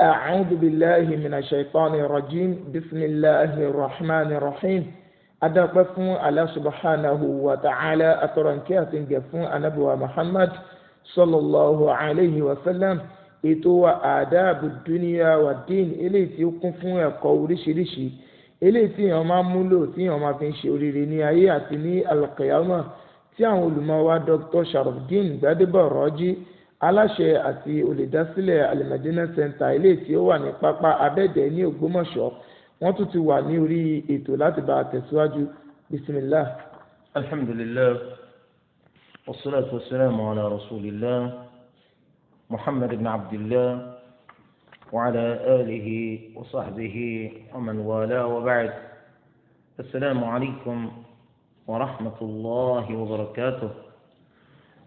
أعوذ بالله من الشيطان الرجيم بسم الله الرحمن الرحيم adúpẹ́ fún Allah subhanahu wa ta'ala atọ́rọ̀nkí àti ǹgẹ̀ fún anábìwá Muhammad sallallahu alayhi wa sallam ètò wa àdáàbò dúníyà wà dín eléyìí tí ó kún fún ẹ̀kọ́ oríṣiríṣi eléyìí tí èèyàn máa múlò tí èèyàn máa fi ń ṣe oríire ní ayé àti ní alqiyama tí àwọn olùmọ̀ wa Dr. Sharafdin Gbadebo Rọ́jí aláṣẹ àti olùdásílẹ̀ alimadina center ilé tí ó wà ní pápá abẹ́dẹ̀ ní ògbómọ̀ṣọ́ wọ́n tún ti wà ní orí ètò láti bá a tẹ̀síwájú bisimilah. alhamdulillah wasalaatu wasalaamu ala rasulillah muhammad ibn abdillah wa ala alihi wa sahbihi wa man wala wa ba'd asalaamu alaykum wa rahmatulahi wa barakatuh.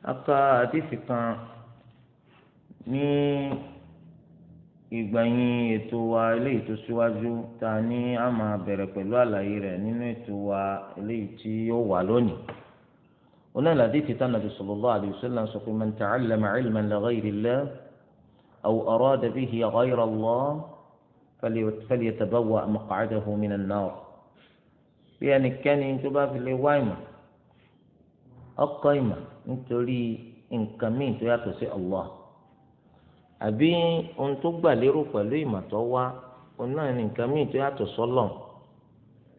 aka àdìsí kan ní ìgbẹ̀yìn ètò wa eléyìí tó síwájú ta ni a máa bẹ̀rẹ̀ pẹ̀lú àlàyé rẹ̀ nínú ètò wa eléyìí tí yóò wà lónìí. هنا الحديث كان النبي صلى الله عليه وسلم سقي من تعلم علما لغير الله أو أراد به غير الله فليتبوأ مقعده من النار يعني كان ينتبه في الوائمة القائمة nítorí nǹkan míì tó yàtọ̀ sí Allah àbí ohun tó gbà lérò pẹ̀lú ìmọ̀tọ́ wá òun náà ní nǹkan míì tó yàtọ̀ sọ́lọ̀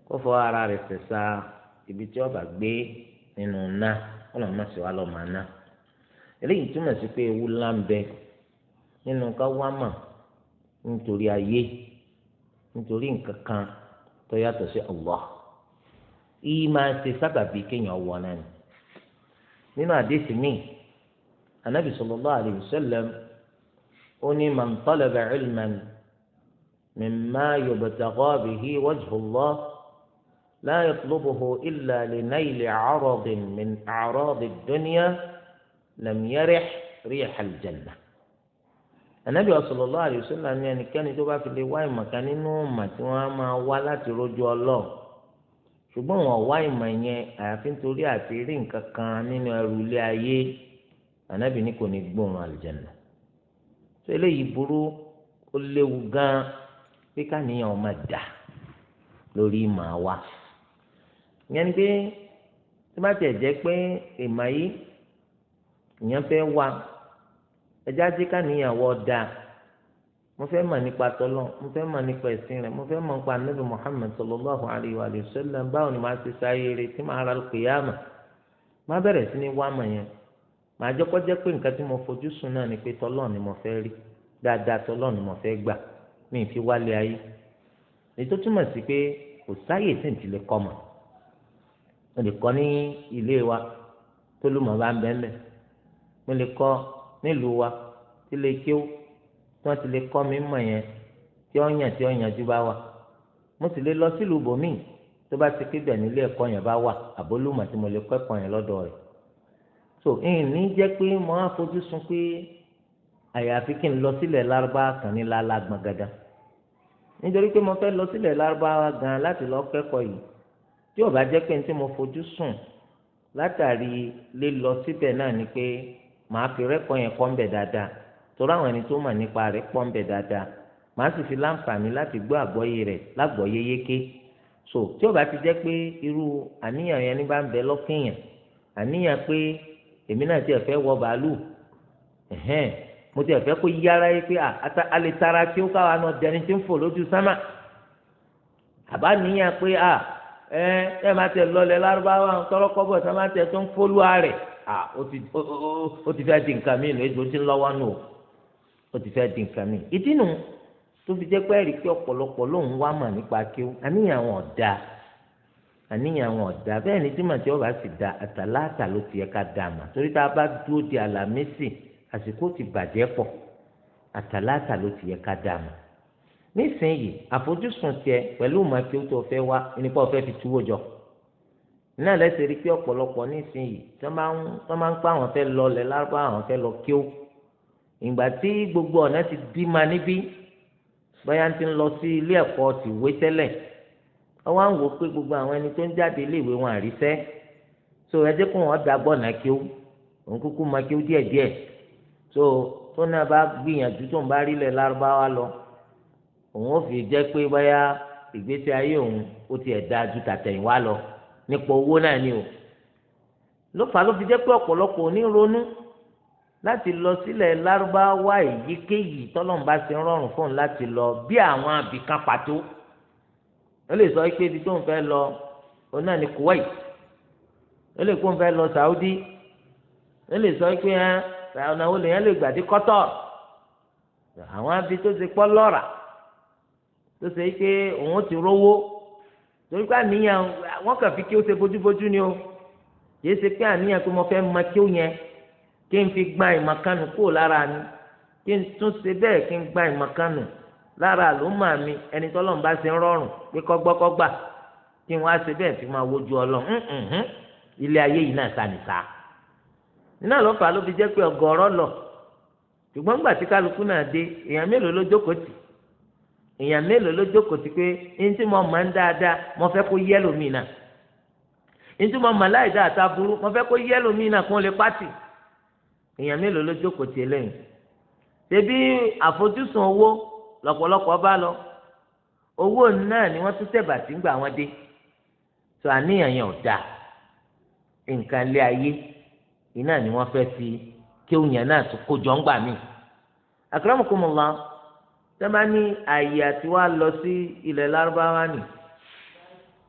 kó fọ ara rẹ̀ sẹ̀sà ibi tí ọba gbé nínú náà wọn náà má sì wá lọ màá náà eléyìí túmọ̀ sí pé ewu ńlá ń bẹ nínú ká wá mà nítorí ayé nítorí nǹkan kan tó yàtọ̀ sí Allah yìí máa ṣe sábàbí kéèyàn wọ náà nínú àdéhùn míì anábì أني من طلب علما مما يبتغى به وجه الله لا يطلبه إلا لنيل عرض من أعراض الدنيا لم يرح ريح الجنة النبي صلى الله عليه وسلم يعني كان يتوبع في اللواي مكان النوم ما ولا ترجو الله ṣùgbọ́n wọn wá ìmọ̀ yẹn àyàfi nítorí àti rí nǹkan kan nínú ẹrù ilé ayé ànábì kò ní gbóòórùn àlùjẹ̀nà tó eléyìí burú ó léwu gan pé káníyàn máa dà lórí màá wa ìyẹn ni pé tí bá tiẹ̀ jẹ́ pé ìmọ̀ yìí ìyẹn fẹ́ wá ẹjá tí káníyàn wọ́ dáa mo fẹ́ mọ̀ nípa tọ́lọ́ mo fẹ́ mọ̀ nípa ẹ̀sìn rẹ̀ mo fẹ́ mọ̀ nípa anabi muhammed sallallahu alayhi wa báwo ni màá ti sáyé rẹ̀ tí màá ra kìyàmà má bẹ̀rẹ̀ sí ní wá mọ̀ yẹn màá jẹ́ kọjá pé nǹkan tí mo fojú sùn náà ni pé tọlọ ni mo fẹ́ rí dáadáa tọlọ ni mo fẹ́ gbà mí fi wálé ayé ètò túmọ̀ sí pé kò sáyè tí n ti lè kọ́ mọ̀ mo lè kọ́ ní ilé wa tó lùmọ̀ bá ń bẹ́ẹ̀ mẹ́ mo lè kọ́ nílùú wa tí lè kéwú tí wọ́n ti lè kọ́ mi mọ̀ yẹn tí ó yàn tí ó yànjú bá wà mo sì lè lọ sílùú bòmíì tó bá ti kébẹ̀ nílé ẹ̀kọ́ yẹn bá wà àbólùmọ̀ tí mo lè kọ́ ẹ̀kọ́ yẹn lọ́dọ̀ rẹ̀ so ìní jẹ́ pé mo á fojú sun pé àyàfi kí n lọ sílẹ̀ lárúbá kan ní lálá gbọ̀ngàdà nítorí pé mo fẹ́ lọ sílẹ̀ lárúbáwá gan láti lọ kẹ́kọ̀ọ́ yìí tí ò bá jẹ́ pé ní tí mo fojú sùn látàrí lílọ síbẹ̀ náà ni pé màá fi rẹ́kọ̀ọ́ yẹn kọ́ ń bẹ̀ dáadáa torí àwọn ẹni tó mọ̀ nípa rẹ̀ pọ̀ ń bẹ̀ dáadáa màá sì fi láǹfààní láti gbọ́ àgbọ́yé rẹ̀ lágbọ́yé yéké so tí ò bá ti jẹ́ pé irú àníyàn yẹn ní bá ń bẹ lọ́kàn àníyàn pé èmi náà tiẹ̀ fẹ́ wọ bàálù ẹ̀hẹ́n mo tiẹ̀ fẹ́ kó yára yìí pé alẹ́ tara kí ó káwa náà dẹni tí ń fò lójú sámà àbá níyàn pé a ẹ ẹ máa tẹ lọlẹ lárúbáwá tọrọkọbọ sá máa tẹ tó ń fólúwa rẹ a ó ti fẹ́ di nǹkan mi nù èso tí ń lọ́wọ́ nù ó ti fẹ́ di nǹkan mi ìdí nù tó fi jẹ́ pé ẹ̀rí pé ọ̀pọ̀lọpọ̀ lòun wá mà nípa kí ó àníyàn wọn dáa àníyàn wọn ọ̀dà bẹ́ẹ̀ ni tí màtí ọba sì da àtàláàtà ló ti yẹ ká da àmà torí tá a bá dúró di àlàmísì àsìkò ti bàjẹ́ pọ̀ àtàláàtà ló ti yẹ ká da àmà nísìnyìí àfojúsùn tiẹ pẹ̀lú màtí ó tó fẹ́ wá nípa ọ̀fẹ́ fi túwó jọ náà lẹ́sẹ̀ rí pé ọ̀pọ̀lọpọ̀ nísìnyìí tó máa ń pa àwọn fẹ́ lọ lárúbá àwọn fẹ́ lọ kí ó ìgbà tí gbogbo ọ̀nà ti dí ọwọ́ à ń wò pé gbogbo àwọn ẹni tó ń jáde iléèwé wọn àríṣẹ́ so ẹ jẹ́ kó wọn da gbọ́ náà kí ó òun kúkú máa kí ó díẹ̀díẹ̀ so tó náà bá gbìyànjú tó ń bá rí ilẹ̀ lárúbáwá lọ òun ó fi jẹ́ pé báyà ìgbésí ayé òun ó tiẹ̀ dáa ju tàtẹ̀yìnwá lọ nípa owó náà ni o ló fà ló fi jẹ́ pé ọ̀pọ̀lọpọ̀ ò láti lọ sílẹ̀ lárúbáwá èyíkéyìí tọ́lọ́mùbá ṣe ń rọrùn fóun láti lọ bí àwọn àbíkan ó lè sọ pé ibi tó ń fẹ́ lọ òun náà ní Kuwait ó lè kó ń fẹ́ lọ Saudi ó lè sọ pé ẹ ọ̀nà wo lèyàn lè gbà dé kọ́tọ̀ àwọn abi tó ti pọ́ lọ́ra tó ṣe pé òun ti rówó torí pé àníyàn wọn kàn fi kí ó ṣe bójúbójú ni o yìí ṣe pé àníyàn pé mo fẹ́ mọ kí ó yẹn kí n fi gba ìmọ̀kánù kúrò lára mi kí n tún ṣe bẹ́ẹ̀ kí n gba ìmọ̀kánù lára àlùmọ́ mi ẹni tọ́lọ́run bá ṣe ń rọrùn pé kọ́gbọ́kọ́gbà kí wọ́n á ṣe bẹ́ẹ̀ fi máa wojú mm, mm, mm. ilé ayé yìí náà sa ló fi jẹ́ pé ọgọ́rọ́ lọ ṣùgbọ́n gbà tí kálukú náà dé èèyàn mélòó ló jókòó tì mélòó ló jókòó pé ní tí mo ń dáadáa mo fẹ́ kó náà ní láì ta burú mo fẹ́ kó náà lè lọ́pọ̀lọpọ̀ bá lọ owó náà ni wọ́n tún tẹ̀bà sí gbà wọ́n dé tó àníyàn yẹn ò dáa nǹkan lé ayé iná ni wọ́n fẹ́ fi kéwù yẹn náà tún kójọ ńgbà mí. akramakumullah tẹ́lá ní àyè àti wá lọ sí ilẹ̀ lárúbáwá nì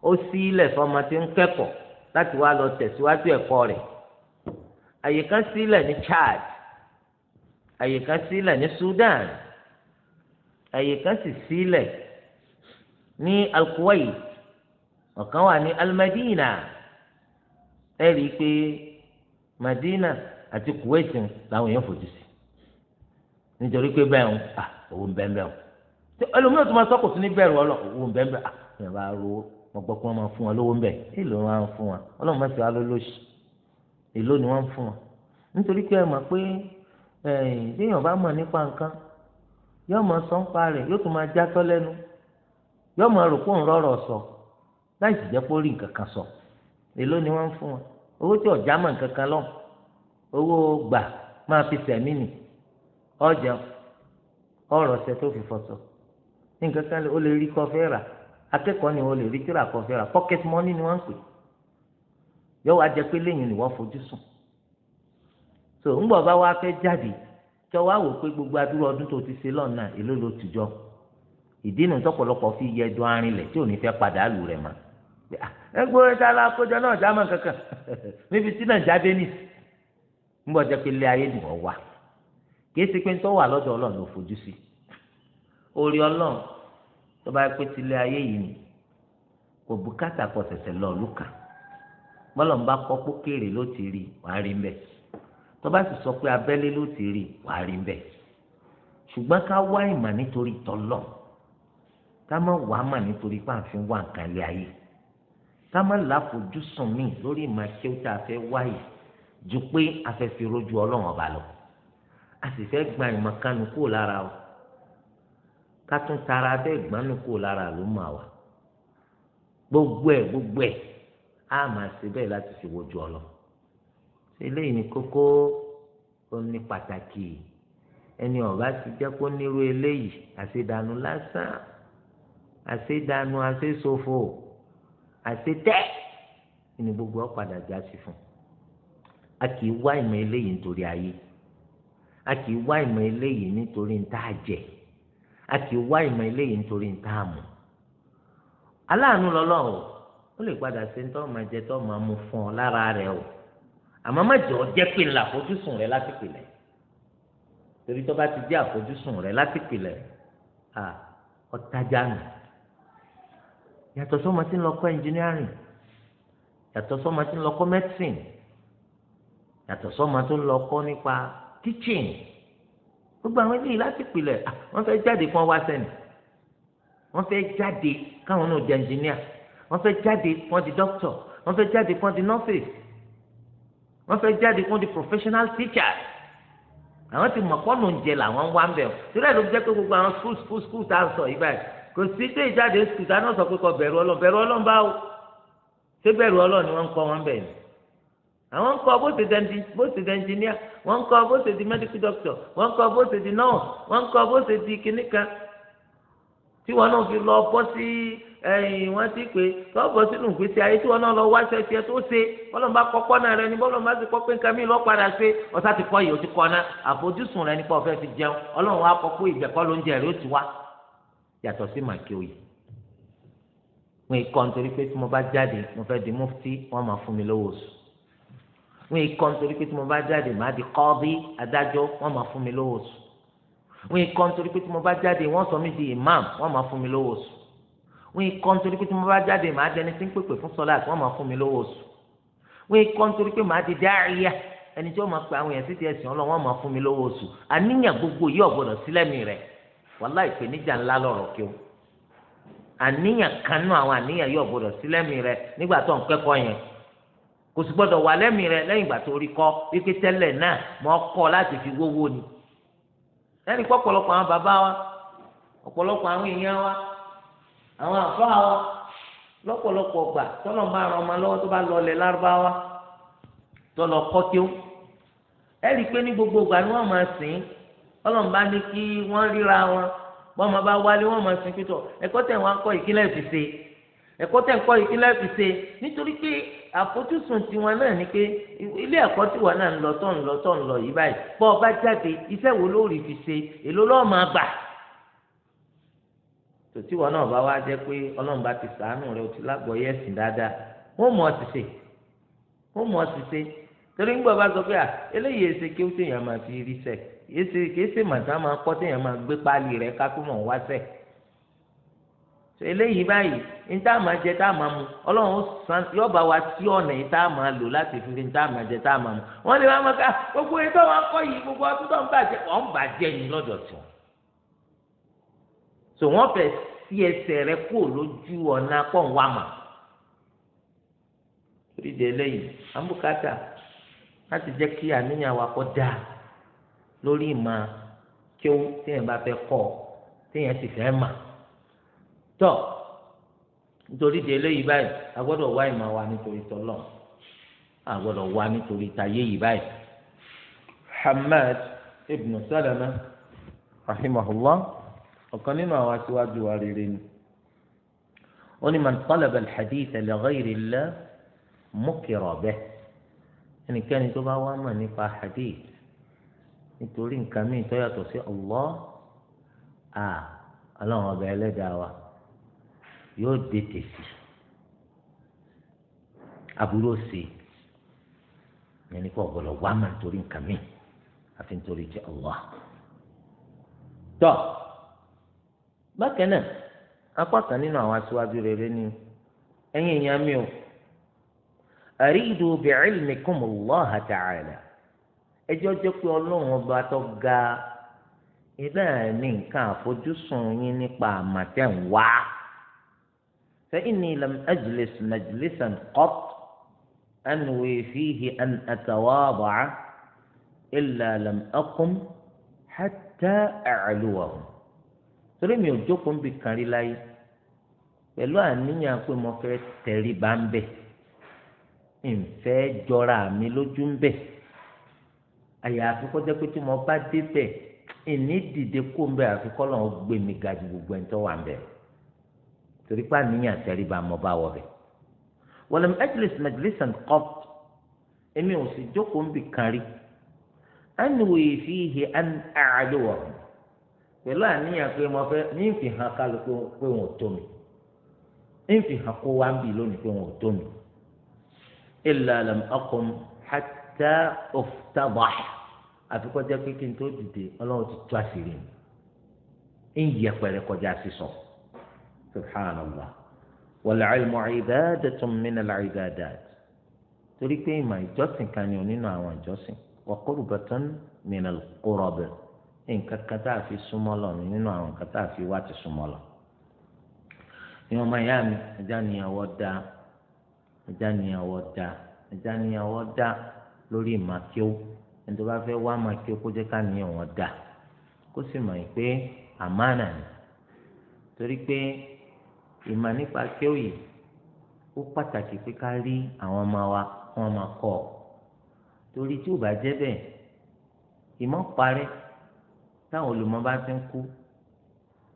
ó sí ilẹ̀ fọmọ tí ń kẹ́kọ̀ọ́ láti wá lọ tẹ̀síwájú ẹ̀kọ́ rẹ̀ àyè kan sílẹ̀ ní Chad àyè kan sílẹ̀ ní Sudan àyè kan sì sílẹ̀ ní al-Kuwait ọ̀kan wà ní al-Madina ẹ rí i pé Madina àti Kuwait làwọn èèyàn fojú sí nítorí pé bẹ́ẹ̀ ń à owó ń bẹ́ẹ̀ bẹ́ẹ̀ ń ẹlòmíràn tó máa sọ́kò sí ní bẹ́ẹ̀rù ọlọ́ owó ń bẹ́ẹ̀ bẹ́ẹ̀ à ìyẹn bá ro wọn gbọ́ pé wọ́n máa fún wọn lówó ń bẹ̀ èyí ló máa ń fún wọn ọlọ́run máa ń sọ alólóṣì èló ni wọ́n ń fún wọn nítorí pé ẹ mọ̀ pé ẹ̀yìn téèyàn bá mọ̀ nípa nǹkan yóò mọ sọ ń pa rẹ yóò tún máa já sọ lẹ́nu yóò máa rò sọ láì sì jẹ́ pé rí nǹkan kan sọ èló ni wọn ń fún wọn owó tí ọjà mọ̀ nǹkan kan lọ owó gbà máa fi sẹ̀mí nì ọjà ọrọ ṣẹ tó fi fọṣọ nǹkan ó lè rí rà ó lè rí tíra rà pocket money ni ń pè yóò wá jẹ pé ni fojú sùn so ńgbọ̀ bá wá fẹ́ tọ́ wá wò pé gbogbo adúrú ọdún tó ti ṣe lọ́nà èló ló ti jọ ìdí tọ́pọ̀lọpọ̀ fi yẹ ẹdùn arinlẹ̀ tí ò ní fẹ́ padà lù rẹ̀ mọ́ ah, ẹgbẹ́ náà jámọ̀ kankan níbi tí náà jáde ní nígbà ayé ni wọ́n wà ṣe pé ń tọ́ wà lọ́dọ̀ ọlọ́run ló fojú sí orí ọlọ́run tó bá pé ti ilé ayé yìí ni kò bùkátà pọ̀ lọ́ọ̀lù kan tó bá sì sọ pé abẹ́lé ló ti rí wàá rí ń bẹ̀ ṣùgbọ́n ká wá ìmọ̀ nítorí tọ́lọ̀ ká má wá mà nítorí pàǹfin wà nǹkan lé ayé ká má láfojúsùn mí lórí ìmọ̀ tí ó ta fẹ́ wáyé ju pé a fẹ́ fi rojú ọlọ́run ọba lọ a sì fẹ́ gba ìmọ̀ kanu kúrò lára o ká tún tara bẹ́ẹ̀ gbanu kúrò lára ló mà wá gbogbo ẹ̀ gbogbo ẹ̀ á máa ṣe bẹ́ẹ̀ láti fi wojú ọlọ́run. eléyìí ní kókó òní pàtàkì ẹni ọba ti jẹ́ kó nírú eléyìí àṣedànù lásán àṣedànù àṣesòfò àṣetẹ́ ni gbogbo ọ̀padà já sí fún a kì í wá ìmọ̀ eléyìí nítorí ayé a kì í wá ìmọ̀ eléyìí nítorí ń tá a jẹ a kì í wá ìmọ̀ eléyìí nítorí ń tá a mú aláàánú lọ́lọ́run ó lè padà ṣe ń tọ́ máa jẹ tọ́ máa mú fún ọ lára rẹ o. àmọ́ má jẹ́ ọ jẹ́ pé ńlá àfojúsùn rẹ láti pìlẹ̀ torí tó bá ti jẹ́ àfojúsùn rẹ láti pìlẹ̀ à ọ̀tajà nù yàtọ̀ sọ́mọ tí ń lọ kọ́ ẹnjìnírìn yàtọ̀ sọ́mọ tí ń lọ kọ́ mẹ́tìrìn yàtọ̀ sọ́mọ tó ń lọ kọ́ nípa tíṣìn gbogbo àwọn eléyìí láti pìlẹ̀ wọ́n fẹ́ jáde kí wọ́n wá wọ́n fẹ́ jáde káwọn náà di ẹnjìníà wọ́n fẹ́ jáde kí wọ́n di dókítọ̀ wọ́n fẹ́ jáde kí wọ́n di nọ́ọ̀sì wọ́n fẹ́ jáde fún di professional teachers àwọn ti mọ̀ pọ́nù oúnjẹ làwọn wá ń bẹ̀ ọ́ torí ẹ̀ ló jẹ́ pé gbogbo àwọn school school school tá a sọ yìí báyìí kò sí pé ìjáde school tá a náà sọ pé kọ bẹ̀rù ọlọ́run bẹ̀rù ọlọ́run báwo ṣé bẹ̀rù ọlọ́run ni wọ́n ń kọ́ wọn bẹ̀ ni àwọn ń kọ́ bó ṣe dẹ́ndì bó ṣe di engineer wọ́n ń kọ́ bó ṣe di medical doctor wọ́n ń kọ́ bó ṣe di nurse wọ́n ń kọ́ bó ṣe di kìnnìkan tí wọ́n náà fi lọ bọ́ sí ẹ̀yìn wọn ti pé lọ́bọ̀ sínú ìgbésí ayé tí wọn náà lọ wá sẹ́sẹ́ tó ṣe bọ́lọ́n bá kọ́kọ́ náà rẹ ni bọ́lọ́n bá ti kọ́ pé nǹkan mi lọ́ padà ṣe ọ̀sá ti kọ́ yìí ó ti kọ́ náà àfojúsùn rẹ nípa ọ̀fẹ́ fi jẹun ọlọ́run wa kọ́ pé ìgbẹ́kọ́ ló ń jẹ rẹ ó ti wá yàtọ̀ sí màkì òye wọn ikọ̀ nítorí pé tí mo bá jáde mo fẹ́ di mufti wọn máa fún mi lówó oṣù wọn ikọ̀ nítorí pé tí mo bá jáde màá di kọ́ọ̀bí adájọ́ wọn máa fún mi lówó oṣù wọn ikọ̀ nítorí pé tí mo bá jáde wọ́n sọ mí di imam wọn máa fún mi lówó oṣù wọ́n yìí kọ́ nítorí pé tí mo bá jáde màá dẹni tí ń pèpè fún sọlá àti wọ́n máa fún mi lówó oṣù wọ́n yìí kọ́ nítorí pé màá di dáríyà ẹni tí wọ́n máa pe ẹ̀sìn máa fún mi gbogbo yìí ọ̀gbọ́dọ̀ sílẹ̀mì rẹ̀ wàhálà ìpèníjà ńlá lọ̀rọ̀ kí o àníyàn kanú àwọn àníyàn yìí ọ̀gbọ́dọ̀ sílẹ̀mì rẹ̀ nígbà tó ń kẹ́kọ̀ọ́ yẹn wà lẹ́mìí rẹ̀ lẹ́yìn ìgbà tó rí kọ́ wípé tẹ́lẹ̀ láti fi wówó ni àwọn àfa wọn lọ́pọ̀lọpọ̀ gbà tọ́lọ̀ máa ràn ọmọ lọ́wọ́ tó bá lọ ilẹ̀ lárúbáwá tọ́lọ̀ kọ́ kí ó ẹ rí i pé ní gbogbo ìgbà ni wọ́n máa sìn ọlọ́run bá ní kí wọ́n ríra wọn bọ́n máa bá wálé wọ́n máa sìn pítọ̀ ẹ̀kọ́ tẹ̀ wọ́n á kọ́ ìkílẹ̀ fi ṣe ẹ̀kọ́ tẹ̀ ń kọ́ ìkílẹ̀ fi ṣe nítorí pé àfojúsùn tiwọn náà ni pé ilé ẹ̀kọ́ tiwọn náà ń lọ tọ̀ ń lọ tọ̀ ń lọ yìí báyìí bọ́ọ̀ bá jáde iṣẹ́ wo ló fi ṣe èló lọ́ọ̀ máa gbà tòtí wọn náà bá wá jẹ́ pé Ọlọ́run bá ti sàánù rẹ o ti lágbọ̀ọ́yé ẹ̀sìn dáadáa wọ́n mọ̀ ọ́ ti ṣe wọ́n mọ̀ ọ́ ti ṣe torí ńgbọ́ bá sọ pé à eléyìí èsè kí ó téèyàn máa fi rí sẹ̀ èsè kìí ṣe màtá máa kọ́ téèyàn máa gbé páálí rẹ kákó mọ̀ wá sẹ̀ eléyìí báyìí ní máa jẹ tá máa mu ọlọ́run yóò bá wa sí ọ̀nà yìí tá máa lò láti fi ní tá máa jẹ tá máa mu wọ́n lè máa ká gbogbo ètò wọn kọ́ yìí gbogbo ọtún ń bàjẹ́ ọ̀ bàjẹ́ yìí lọ́dọ̀ tí so wọ́n fẹ́ sí ẹsẹ̀ rẹ kúrò lójú ọ̀nà pọ̀nwámà torí de eléyìí àmbùkátà láti jẹ́ kí àníyàn wa kọ́ dáa lórí ìmọ̀ kí ó téèyàn bá fẹ́ kọ́ téèyàn sì fẹ́ mà tọ́ nítorí de eléyìí báyìí a gbọ́dọ̀ wá ìmọ̀ wa nítorí tọ́lọ̀ a gbọ́dọ̀ wá nítorí tayé yìí báyìí Hamad ibn Salama rahimahullah ọ̀kan nínú àwọn aṣíwájú wa rere ni ó ní man talaba al-hadith li ghayri Allah mukira bihi ẹnikẹ́ni tó bá wá mọ̀ nípa hadith nítorí nǹkan míì tó yàtọ̀ sí Allah à ọlọ́run ọba ẹlẹ́dàá wa yóò dé tèsì àbúrò sí ẹni kọ́ ọ̀gbọ́dọ̀ wá mọ̀ nítorí nǹkan míì àfi nítorí jẹ́ Allah tọ́ bákan náà apá kan nínú àwọn aṣáájú rere ni ẹ̀yin èèyàn mi o àríyìdò bẹ̀rẹ̀ mi kún mọ̀ lọ́hà tààlà ẹjọ́ jẹ́ pé ọlọ́run ọba tó ga iná ní nǹkan àfojúsùn yín nípa àmàtẹ́ǹ wá fẹ́yìn ní ìlànà ajlis majlisan qat anwi fihi an atawaba illa lam aqum hatta a'luwahum torí mi ò jókòó níbi kan rí láyé pẹ̀lú àníyàn pé mo fẹ́ tẹ̀rí bá ń bẹ̀ ǹfẹ́ jọra mi lójú ń bẹ̀ àyàfi kọjá pé tí mo bá débẹ̀ ìní dìde kó ń bẹ̀ àfi kọ́lọ̀ ń gbé mi ga ju gbogbo ẹni tó wà ń bẹ̀ torí pé àníyàn tẹ̀rí bá mo bá wọ̀ bẹ̀ wọlọm ẹjlis mẹjlisan kọp èmi ò sì jókòó níbi kan rí ẹnu wòye fi ihe ẹnu àádọ́wọ̀ọ́ pẹ̀lú àníyàn pé mo fẹ́ ní ìfi hàn kálukú pé wọn ò tó mi ní ìfi hàn kó wá ń bì lónìí pé wọn ò tó mi. illa lam aqum hatta uftadah àfikọ́ jẹ́ pé kí n tó dìde ọlọ́run ti tú àṣírí mi ń yẹ pẹ̀rẹ̀ kọjá sísọ subhanallah wal ilmu ibadatun min al ibadat torí pé ìmọ̀ ìjọsìn kan ni ò nínú àwọn ìjọsìn wa qurbatun min al qurab bẹ̀rẹ̀ nǹkan kan tá a fi súnmọ́ lọ ní nínú àwọn nǹkan tá a fi wá ti súnmọ́ lọ. ní ọmọ ìyá mi ẹja níyàwó dá ẹja níyàwó dá ẹja níyàwó dá lórí ìmàkíó ẹni bá fẹ́ wá màkíó kó jẹ́ ká níyàn wọn dá kó sì mọ̀ pé àmánà ni torí pé ìmọ̀ nípa kíó yìí ó pàtàkì pé ká rí àwọn ọmọ wa kí wọ́n máa kọ́ ọ torí tí ò bá jẹ́ bẹ́ẹ̀ ìmọ̀ parẹ́ táwọn olùmọ̀ bá ti ń kú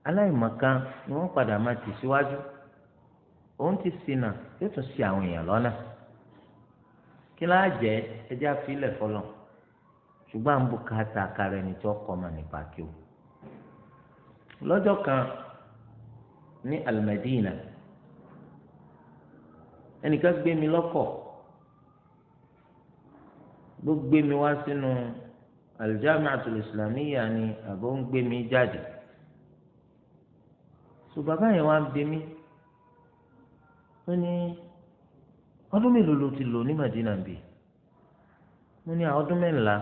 aláìmọ̀kan ni wọ́n padà máa tì síwájú òun ti ṣìnà yóò tún ṣì àwọn èèyàn lọ́nà kí láà jẹ́ ẹjẹ́ àfilẹ̀ fọlọ́ ṣùgbọ́n à ń bùkátà kárẹ̀ ní tí wọ́n kọ́ ọmọ nípa kí o lọ́jọ́ kan ní Al-Madina ẹnìkan gbé mi lọ́kọ̀ ló gbé mi wá sínú. Si aljamiatul islamiyya ni àbọ̀ ń gbé mi jáde so bàbá yẹn wá ń bí mi ó ní ọdún mélòó ló ti lò ní Madina bí mo ní ọdún mẹ́ńlá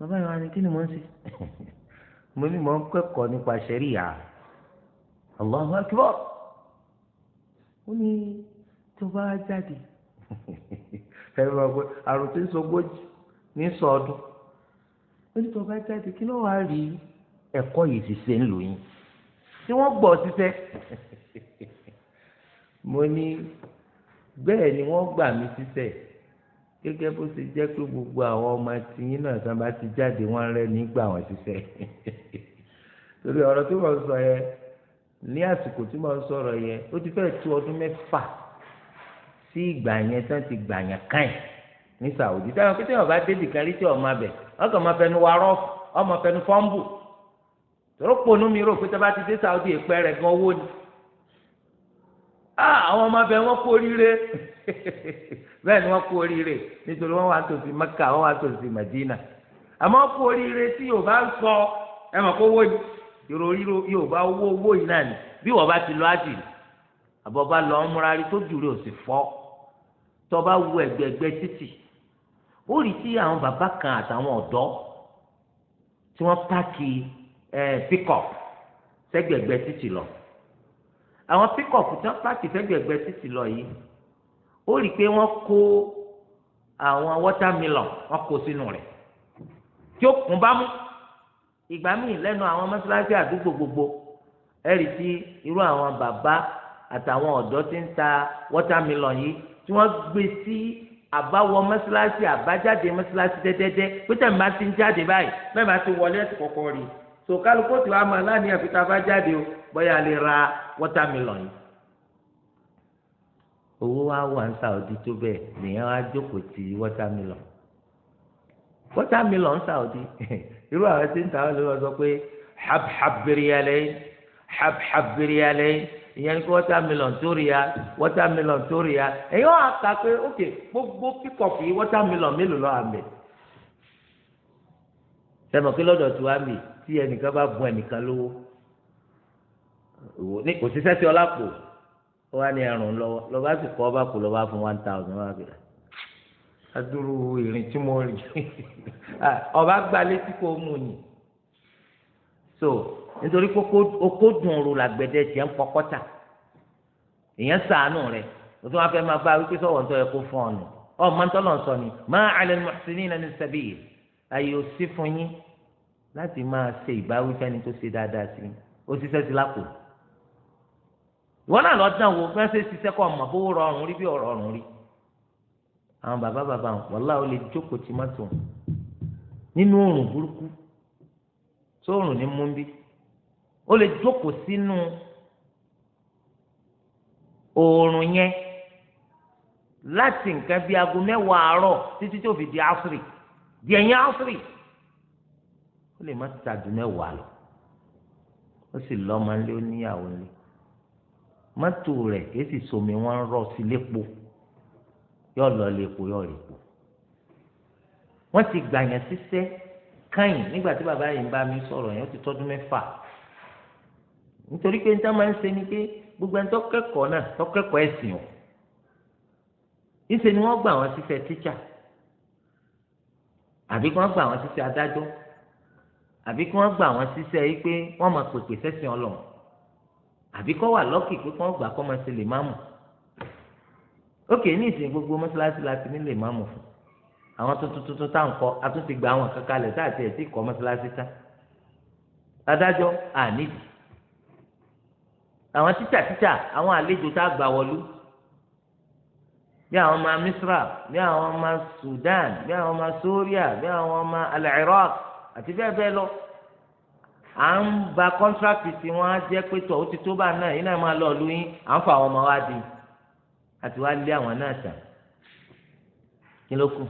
bàbá yẹn wá ní kí ni mo ń ṣe mo ní mo ń kẹ́kọ̀ọ́ nípa ṣẹ́ríyà Allahu akbar ó ní tó bá jáde ẹ lọ pé àrùn ní sọdún ó ní tọ́ba jáde kí ló wàá rí ẹ̀kọ́ yìí ti ṣe ń lò yín tí wọ́n gbọ́ ṣiṣẹ́ mo ní bẹ́ẹ̀ ni wọ́n gbà mí ṣiṣẹ́ gẹ́gẹ́ bó ṣe jẹ́ pé gbogbo àwọn ọmọ tìyín náà tán bá ti jáde wọ́n rẹ́ nígbà wọ́n ṣiṣẹ́ torí ọ̀rọ̀ tí mo sọ yẹn ní àsìkò tí mo sọ̀rọ̀ yẹn ó ti fẹ́ẹ̀ tó ọdún mẹ́fà sí ìgbà yẹn tán ti gbà yẹn káyìn ní Saudi táwọn pété wọn bá débì kan rí tí ọmọ abẹ ọkọ ọmọ fẹnu wa ọmọ fẹnu fọmbù tòró pònú mi rò pé a bá ti dé Saudi èpẹ rẹ gan owó ni àwọn ọmọ abẹ wọn kú oríire bẹ́ẹ̀ ni wọn kú oríire nítorí wọn wà tòsí Mẹ́kà wọn wà tòsí Madina àmọ́ kú oríire tí Yorùbá ń sọ ẹ mọ̀ kó wó ìròrí Yorùbá owó owó yìí náà ni bí wọ́n bá ti lọ àjì àbọ̀bá lọ ọmúra rí tó dùrẹ́ òsì fọ́ tọ́ba wu ẹ̀gbẹ̀gbẹ̀ títì ó rí sí àwọn bàbá kan àtàwọn ọ̀dọ́ tí wọ́n pààkì pickup sẹ́gbẹ̀gbẹ́ títì lọ àwọn pickup tí wọ́n pààkì sẹ́gbẹ̀gbẹ́ títì lọ yìí ó rí pé wọ́n kó àwọn watermelon wọ́n kó sínú rẹ̀ tí ó kún bá mú ìgbà míì lẹ́nu àwọn mọ́ṣáláṣí àdúgbò gbogbo ẹ̀rí sí irú àwọn bàbá àtàwọn ọ̀dọ́ tí ń ta watermelon yìí tí wọ́n gbé sí àbáwọ mọ́ṣáláṣí àbájáde mọ́ṣáláṣí dẹ́dẹ́dẹ́ pété mi bá ti ń jáde báyìí bẹ́ẹ̀ bá ti wọlé ẹ̀sìn kọ̀ọ̀kan rí so kálukó tí wàá máa láàánú àfi tá a bá jáde o bóyá lè ra wọ́tàmílọ̀n yìí. owó wa wà ń Saudi tó bẹ́ẹ̀ nìyẹn wá jókòó ti wọ́tàmílọ̀n wọ́tàmílọ̀n Saudi irú àwọn tí ń ta ọ́ ló lọ sọ pé habhab biriyalẹ́ habhab ìyẹn ní kí watermelon tó rí ya watermelon tó rí ya èyí wọn àkà pé ok gbogbo kíkọ̀kì watermelon mélòó lọ́wọ́ àmì sẹ́mi kí lọ́dọ̀ tó àmì tí ẹnìkan bá bu ẹnìkan lówó ní kò síṣẹ́ sí ọlápò ó wà ní ẹrùn lọ́wọ́ lọ́ba sì kọ́ ọba kò lọ́ba fún one thousand wọn àgbẹ̀ adúrú ìrìn tí mo rìn ah, ọba gbalẹ̀ tí kò mú so nítorí pé okó dùn òru làgbẹ̀dẹ tiẹ̀ ń pọkọ́tà èèyàn sàánù rẹ̀ o tún wá fẹ́ máa bá wípé sọ̀wọ́ ntọ́ yẹ kó fún ọ̀nà ọ̀ máa ń sọ ni ma 'ala al-muhsinina min sabil àyè ò sí fún yín láti máa ṣe ìbáwí fẹ́ni tó ṣe dáadáa sí ó ti sẹ́sí lápò ìwọ náà lọ dán wo fẹ́ ṣe ṣiṣẹ́ kọ́ ọmọ bówó rọrùn rí bí ọ̀rọ̀ rí àwọn bàbá bàbá wàlá ó lè jókòó tìmọ́tò nínú òórùn burúkú sóòrùn ní múmbí ó lè jókòó sínú oòrùn yẹn láti nǹkan bíi aago mẹ́wàá àárọ̀ títí tó fi di asiri di ẹ̀yìn asiri ó lè má ta ju mẹ́wàá lọ ó sì lọ́mọ ilé oníyàwó ilé mọ́tò rẹ̀ kìí sì somi wọ́n ń rọ̀ lépo yóò lọ lépo yóò lépo wọ́n ti gbà yẹn síṣẹ́ káyìn nígbà tí bàbá yìí ń bá mi sọ̀rọ̀ yẹn ó ti tọ́dún mẹ́fà nítorí pé níta máa ń ṣe ni pé gbogbo ẹni tó kẹ́kọ̀ọ́ náà tó kẹ́kọ̀ọ́ ẹ̀sìn o níṣẹ́ ni wọ́n gbà wọ́n síṣẹ́ tíṣà àbí kí wọ́n gbà wọ́n síṣẹ́ adájọ́ àbí kí wọ́n gbà wọ́n síṣẹ́ yìí pé wọ́n máa pèpè sẹ́sìn ọlọ́run àbí kọ́ wà lọ́kì pé kọ́ gbà kọ́ máa ṣe lè máàmù ókè ní ìsìn gbogbo mọ́ṣáláṣí la ti ní lè máàmù fún àwọn tuntun tuntun tá à ń kọ́ a tún ti gba àwọn kankan lẹ̀ tá àti ẹ̀ tí kọ́ mọ́ṣáláṣí tán adájọ́ àwọn títsà títsà àwọn àlejò tá a gbà wọlú bí àwọn ọmọ misra bí àwọn ọmọ sudan bí àwọn ọmọ soria bí àwọn ọmọ al-iraq àti bẹ́ẹ̀ bẹ́ẹ̀ lọ à ń ba kọ́ńtrákì tí wọ́n á jẹ́ pé tọ̀ ó ti tó bá náà yìí náà máa lọ lu yín à ń fa àwọn ọmọ wa di àti wá lé àwọn náà tà kí ló kù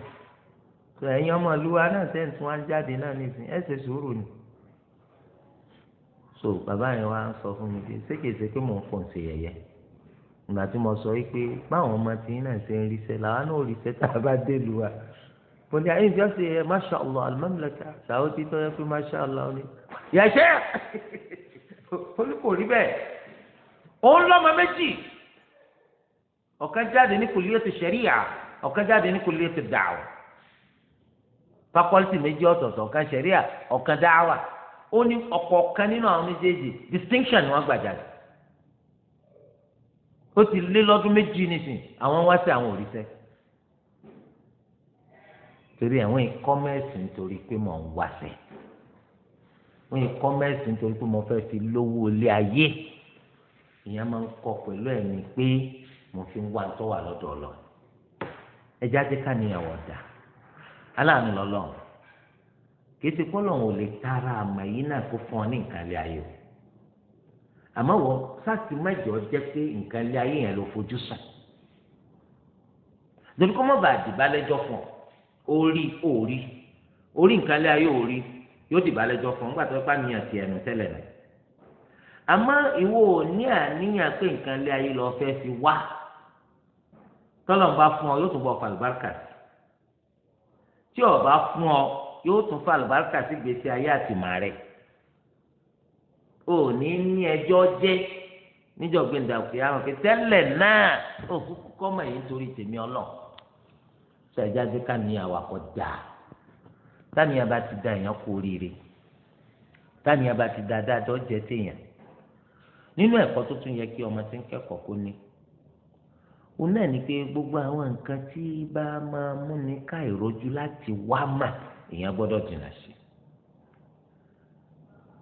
ẹ̀yin ọmọ ìlú wa náà sẹ́yìn tí wọ́n á jáde náà nìsín ẹ̀ ṣe ni so bàbá yẹn wá sọ fún mi pé ṣékèṣe pé mò ń pọ̀ ṣe yẹ̀yẹ́ ìgbà tí mo sọ yìí pé báwọn ọmọ tí náà ṣe ń ríṣẹ́ làwọn náà ríṣẹ́ tá a bá dé lu wa mo ní àyè ìjọ ṣe yẹ masha allah alimamilaka ṣàwọn ti tọ́ yẹ pé masha allah ni yẹ̀ṣẹ́ olú kò rí bẹ́ẹ̀ òun lọ́mọ méjì ọ̀kan jáde ní kùlíyàtì ṣẹ̀ríyà ọ̀kan jáde ní kùlíyàtì dàwà fakọ́lítì méjì ọ̀tọ̀ọ̀tọ̀ ọ̀kan ṣẹ̀ríyà ọ̀kan dàwà ó ní ọ̀kọ̀ọ̀kan nínú àwọn méjèèjì distinction ni wọ́n gbà jáde ó ti lé lọ́dún méjì nísìn àwọn wá sí àwọn òrìṣẹ́ torí àwọn ìkọ́mẹ́sì nítorí pé mò ń wáṣẹ́ wọ́n ìkọ́mẹ́sì nítorí pé mo fẹ́ fi lówó ilé ayé ìyẹn máa ń kọ pẹ̀lú pé mo fi ń wá ń tọ́wà lọ́dọ̀ ọlọ́run ẹjẹ́ ajé ká níyàwó kìsì kọ́lọ̀ ò lè tara àmà yìí náà kó fún ọ ní nǹkan lé ayé o àmọ́ wọ sáàtì mẹ́jọ jẹ́ pé nǹkan lé ayé yẹn ló fojú sùn lórí kọ́ mọ́ bá dìbà lẹ́jọ́ fún ọ orí orí orí nǹkan lé ayé orí yóò dìbà lẹ́jọ́ fún ọ nígbà tó bá níyàn ti ẹnu tẹ́lẹ̀ rẹ̀ àmọ́ ìwọ ò ní àníyàn pé nǹkan lé ayé lọ fẹ́ fi wá tọ́lọ̀ ń bá fún ọ yóò tún bọ̀ fà lùbáríkà tí ọ̀ bá fún ọ yóò tún fa àlùbáríkà sí gbèsè ayé àtìmá rẹ ò ní ní ẹjọ́ jẹ́ níjọ̀gbé ndàkùn yà wọn fi tẹ́lẹ̀ náà òkú kọ́mọ yìí nítorí tèmi ọlọ́ sọ̀jáde káníyàwó àkọ́jà táníyà bá ti da èèyàn kú oríire táníyà bá ti da dáadọ́ jẹ́ téèyàn nínú ẹ̀kọ́ tó tún yẹ kí ọmọ tí ń kẹ́kọ̀ọ́ kó ní òun náà ni pé gbogbo àwọn nǹkan tí bá máa múni ká ìrojú láti wá mà èèyàn gbọdọ jìnnà sí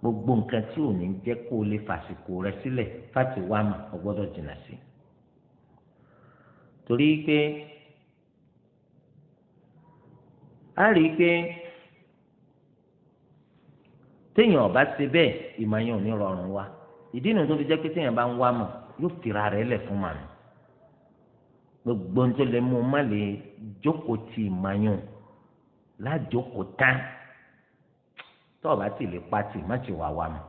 gbogbo nǹkan tí ò ní jẹ́ kó o lè fàsìkò rẹ sílẹ̀ fàtí wá mà ọ gbọdọ jìnnà sí torí pé a rí i pé téèyàn ọba ṣe bẹ́ẹ̀ ìmọ̀yàn ò ní rọrùn wa ìdí nu tó fi jẹ́ pé téèyàn bá ń wá mọ̀ yóò fira rẹ̀ lẹ̀ fún màmí gbogbo ń tó lè mú un má lè jókòó ti ìmọ̀yàn lájókòó tán tó o bá ti lè pati má ti wà wà mọ́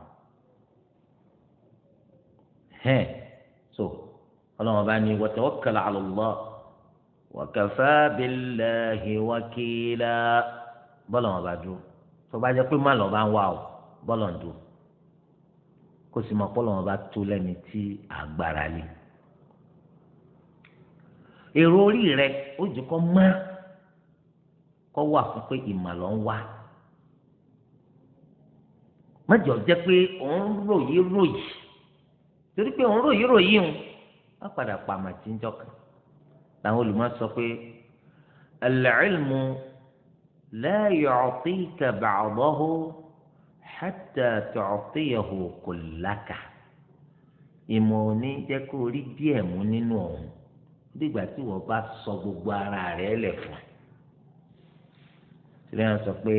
hẹ́n so ọlọ́run bá ní wa tawakkal ala Allah wa kafa billahi wakila bọ́lọ̀ wọn bá dúró tó bá jẹ́ pé má lọ́ọ́ bá ń wà o bọ́lọ̀ ń dúró kó sì mọ̀ pọ́lọ̀ wọn bá tó lẹ́ni tí agbára lé èrò orí rẹ ó jẹ́ kó máa kọ́ wà fún pé ìmọ̀ ló ń wá mẹ́jọ jẹ́ pé òun ròyìn ròyìn torí pé òun ròyìn ròyìn o wọ́n padà pa àmàtíńjọ kan làwọn olùmọ̀ sọ pé al-ilmu la yu'tika ba'dahu hatta tu'tiyahu kullaka ìmọ̀ òní jẹ́ kó rí díẹ̀ mú nínú òun dígbà tí wọ́n bá sọ gbogbo ara rẹ̀ lẹ̀ fún un tìrẹ hàn sọ pé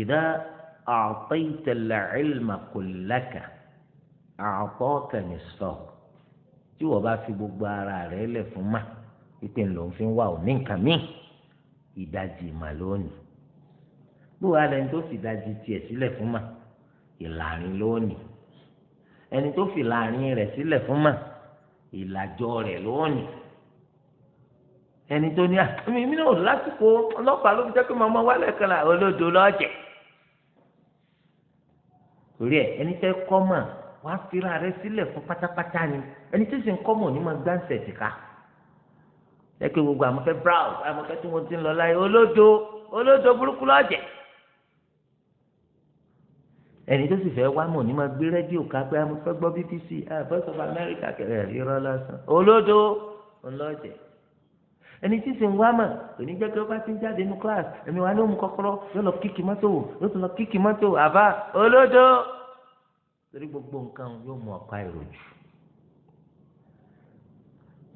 ìdá àtẹ̀yìntẹ̀lẹ̀ ìlmà kò lẹ́kà àtọ́ kẹ̀mísọ̀ tí wọ́n bá fi gbogbo ara rẹ̀ lẹ̀ fún mà pípé ńlọ fi ń wà ò ní nǹkan míì ìdajì mà lónìí gbogbo ara ẹni tó fi ìdajì tiẹ̀ sílẹ̀ fún mà ìlàrin lónìí ẹni tó fi ìlàrin rẹ̀ sílẹ̀ fún mà ìlàjọ rẹ̀ lónìí ẹni tó ní àtàmì ah, mi náà lásìkò ọlọ́pàá ló fi jẹ́ pé màmá wálé kan là olódo lọ́jẹ̀ torí ẹ ẹni tẹ́ kọ́ mà wá fira rẹ sílẹ̀ fún pátápátá ni ẹni tó sì ń kọ́ mọ̀ ní máa gbáǹsẹ̀ tìka ẹ pé gbogbo àmọ́fẹ́ browse àmọ́fẹ́ tí mo ti ń lọ láyé olódo olódo burúkú lọ́jẹ̀ ẹni tó sì fẹ́ wá mọ̀ ní máa gbé rédíò ká pé àmọ́fẹ́ ah, gbọ́ BBC ah, voice of America kẹrẹ̀ ìrọ̀ lásán olódo ẹni tí sì ń wá mà kò ní jẹ́ kí ó bá ti ń jáde nínú kíláàsì ẹ̀mí wa ní òun kọ́kọ́rọ́ yóò lọ kíkì mọ́tò yóò tún lọ kíkì mọ́tò àbá olódó torí gbogbo nǹkan yóò mú ọ̀pá ìròjù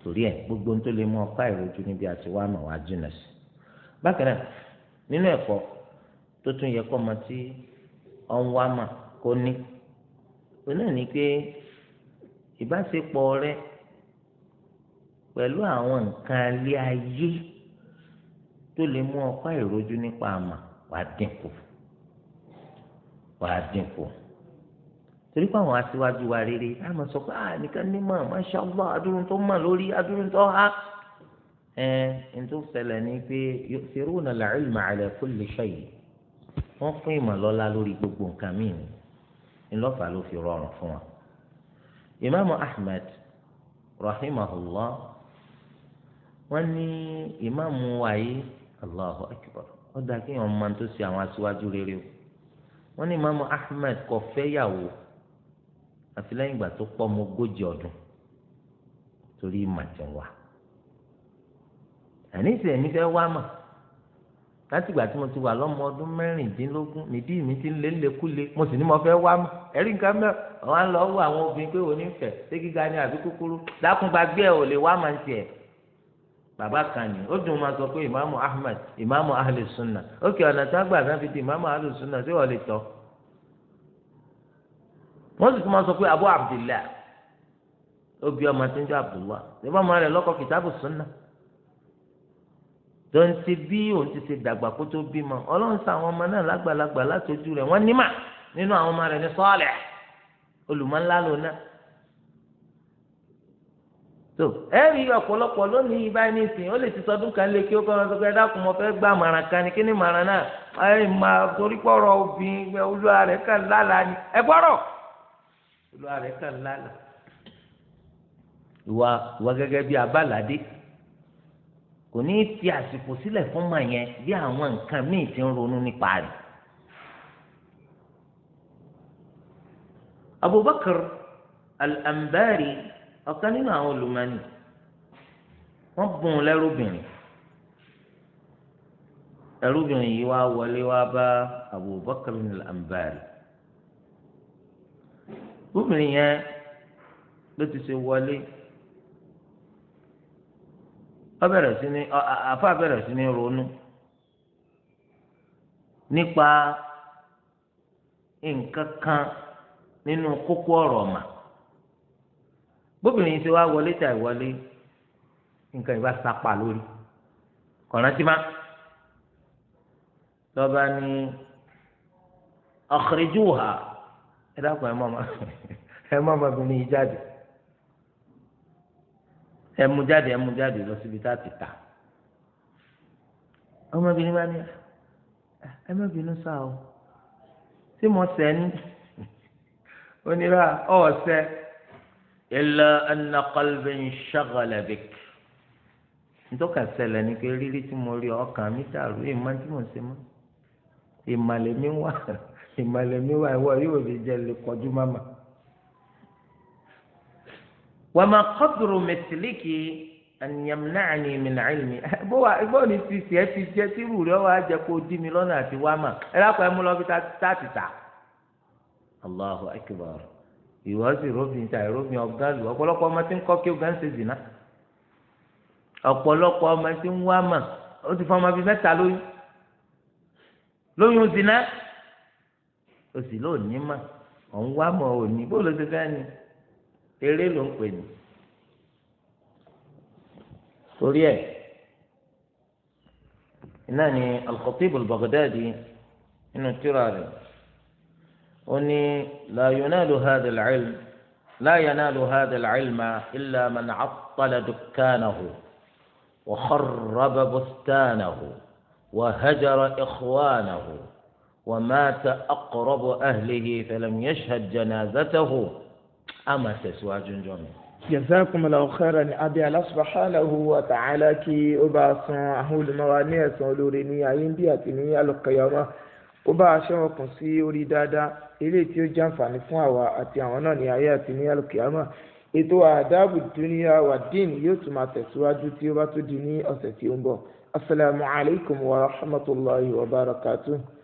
torí ẹ gbogbo ń tó lè mú ọ̀pá ìròjù níbi àti wá mà wá jìnnà sí bákan náà nínú ẹ̀kọ́ tó tún yẹ kọ́ ọmọ tí ọ ń wá mà kó ní òun ní pé ìbáṣepọ̀ rẹ̀ pẹ̀lú àwọn nǹkan alẹ́ ayé tó lè mú ọkọ ìrojú nípa àmà wàá dínkù wàá dínkù torí pé àwọn aṣíwájú wa rere á máa sọ pé à ah, nìkan ní mọ̀ masha adúrún tó mọ̀ lórí adúrún tó há ẹ ẹ tó ṣẹlẹ̀ ni pé yu'thiruna al-ilma ala kulli shay wọ́n fún ìmọ̀ lórí gbogbo nǹkan míì ni ńlọ́fà ló fi rọrùn fún wa. Imam Ahmad rahimahullah wọ́n ní ìmáàmù wa yìí allahu akbar ó dáa kí wọ́n máa tó ṣe àwọn aṣíwájú rere o wọ́n ní ìmáàmù ahmed kò fẹ́yàwó àfi lẹ́yìn ìgbà tó pọ̀ mọ́ ogójì ọdún torí màtẹ̀wà àníṣe ẹ̀mí fẹ́ wá mà láti ìgbà tí mo ti wà lọ́mọ ọdún mẹ́rìndínlógún nídí mi ti ń lé lékúlé mo sì ní mo fẹ́ wá mà ẹ̀rí nǹkan mẹ́ àwọn lọ wọ àwọn obìnrin pé onífẹ̀ ṣé gíga ni àbí kúkúrú dákun ò lè wá mà ń tiẹ̀ bàbá kan ní ó dùn máa sọ pé ìmáàmù ahmed ìmáàmù ahlẹ̀ sunna ókè ọ̀nà tí wọ́n gbà náà fi di ìmáàmù ahlẹ̀ sunna sí wọ́n lè tọ́ wọ́n sì tún máa sọ pé abu abdillah ó bí ọmọ tí ń abdullah ṣé bá máa rẹ̀ lọ́kọ̀ kìtàbù sunna tó ń ti bí òun ti ṣe dàgbà kó tó bímọ ọlọ́run sọ àwọn ọmọ náà lágbàlagbà rẹ̀ wọ́n so ẹ̀rí ọ̀pọ̀lọpọ̀ lónìí yìí báyìí nísìnyí ó lè ti sọdún kan lé kí ó kọ́ra sọ́kẹ́ dákun mọ́ fẹ́ gbà màrán kan ni kí ni màrán náà ẹ mà torí pọ̀rọ̀ obìnrin lálàá ni ẹ gbọ́rọ̀ gẹ́gẹ́ bíi abáládé kò ní í àsìkò sílẹ̀ fún yẹn bí àwọn nǹkan míì ti ń ronú nípa rẹ̀. Abubakar al-Ambari. ọ̀kan nínú àwọn olùmọ̀ọ́nì wọ́n bùn un lẹ́rúbìnrin ẹrúbìnrin yìí wá wọlé wá bá Abubakar al-Anbari obìnrin yẹn ló ti ṣe wọlé ó bẹ̀rẹ̀ sí ní àfa bẹ̀rẹ̀ sí ní ronú nípa nǹkan kan nínú kókó ọ̀rọ̀ mà bóbìnrin ṣe wá wọlé tà ìwọlé nǹkan ìbá sapa lórí kọ̀rántí má lọ́ba ní akhrijuha ẹ dákun ẹ mọ́ ọmọ ẹ mọ́ ọmọbìnrin yìí jáde ẹ mú jáde ẹ mú jáde lọ síbi tá a ti ta ọmọbìnrin bá ní ẹ má bínú sá o tí mo sẹ́ ní onírà ọ̀ọ́sẹ́ illa anna qalbin shaghala bik ntọ́ka ṣẹlẹ̀ ni pé rírí tí mo rí ọkàn mi dàrú ìmọ̀ tí mo ṣe mọ́ ìmàlẹ̀ mi wà ìmàlẹ̀ mi wà ìwọ yóò fi jẹ lè kọjú mama. wa ma qadru mithliki an yamna'ani min 'ilmi bó wa bó ni ti tiẹ̀ ti jẹ́ tí rú rẹ̀ wá jẹ́ kó dí mi lọ́nà àti wá mà ẹ lápá ẹ mú lọ bí tá ti tà. Allahu akbar ìwọ sì róbìn ta ìróbìn ọgá lù ọ̀pọ̀lọpọ̀ ọmọ tí ń kọ́ kí ó gán ṣe zìnà ọ̀pọ̀lọpọ̀ ọmọ tí ń wá mà ó ti fọmọ bíi mẹ́ta lóyún lóyún zìnà ó sì lóò ní mà ọ̀ ń wá mà ò ní bó ló ti fẹ́ ni eré ló ń pè ní. torí ẹ̀ iná ni al-Khatib al-Baghdadi nínú أني لا ينال هذا العلم لا ينال هذا العلم إلا من عطل دكانه وخرب بستانه وهجر إخوانه ومات أقرب أهله فلم يشهد جنازته أما تسوى جنجون جزاكم الله خيرا أبي الله سبحانه وتعالى كي أبا سن أهول موانئ سن لوري ní ayé kó bá aṣọ ọkùn sí orí dáadáa eléyìí tí ó jẹ́ fún àwa àti àwọn náà ní ayé àti ní alùkìyàmà ètò àdáàbò dúníyà wà dín yóò tún máa tẹ̀síwájú tí ó bá tó di ní ọ̀sẹ̀ tí ó ń bọ̀ asalaamualeykum wa rahmatulahi wa barakatuh.